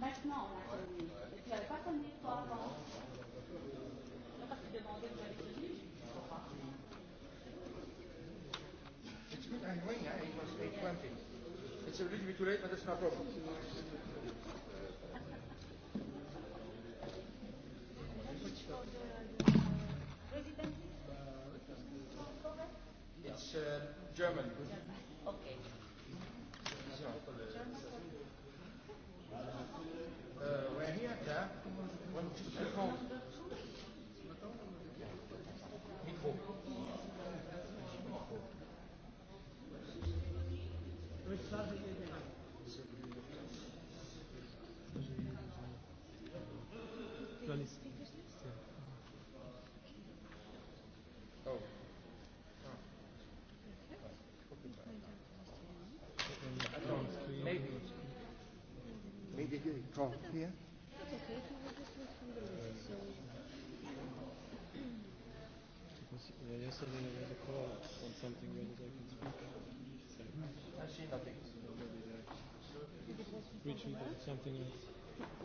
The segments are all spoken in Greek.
Maintenant, no, a connu. Et tu n'avais pas connu, toi, avant. It's a little bit too late, but that's a problem. It's uh, German. Okay. Uh, we're here, yeah. Well,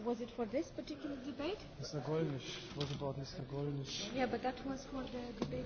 Was it for this particular debate? Mr. Golnisch. It about Mr. Yeah, but that was for the debate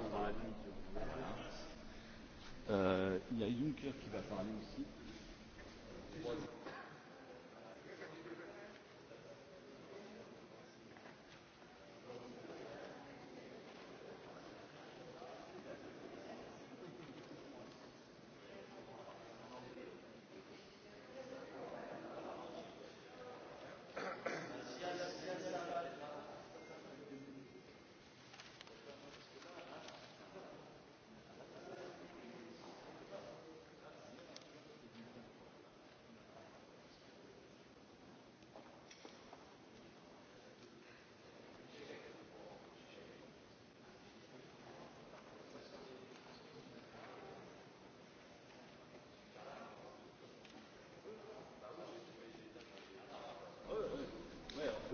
dans Il y a Juncker qui va parler aussi.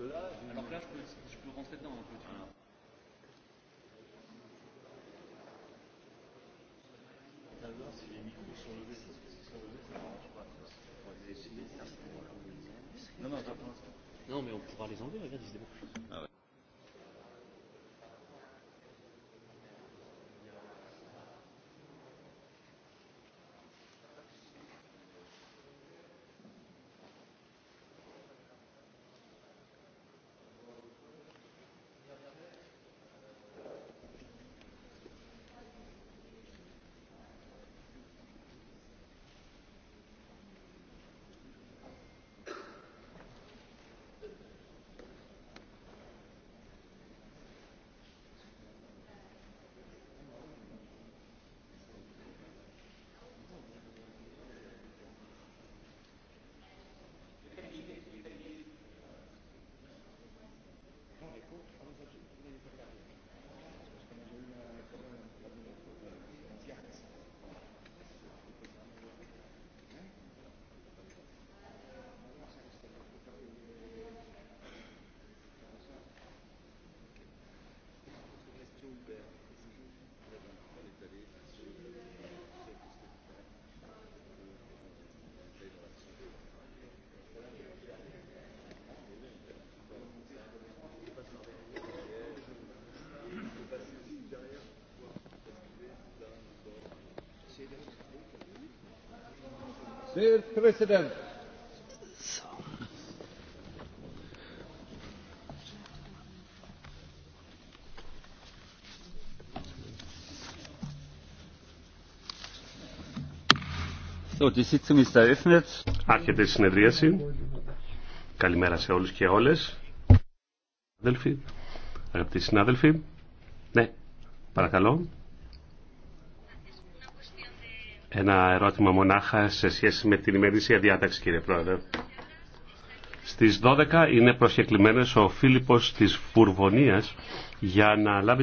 là. Alors là, je peux, rentrer dedans Non, mais on pourra les enlever, regarde, ils se débrouillent. Άρχεται η συνεδρίαση. Καλημέρα σε όλους και όλες. Αδελφοί, αγαπητοί συνάδελφοι. Ναι, παρακαλώ ένα ερώτημα μονάχα σε σχέση με την ημερήσια διάταξη, κύριε Πρόεδρε. Στις 12 είναι προσκεκλημένος ο Φίλιππος της Φουρβονίας για να λάβει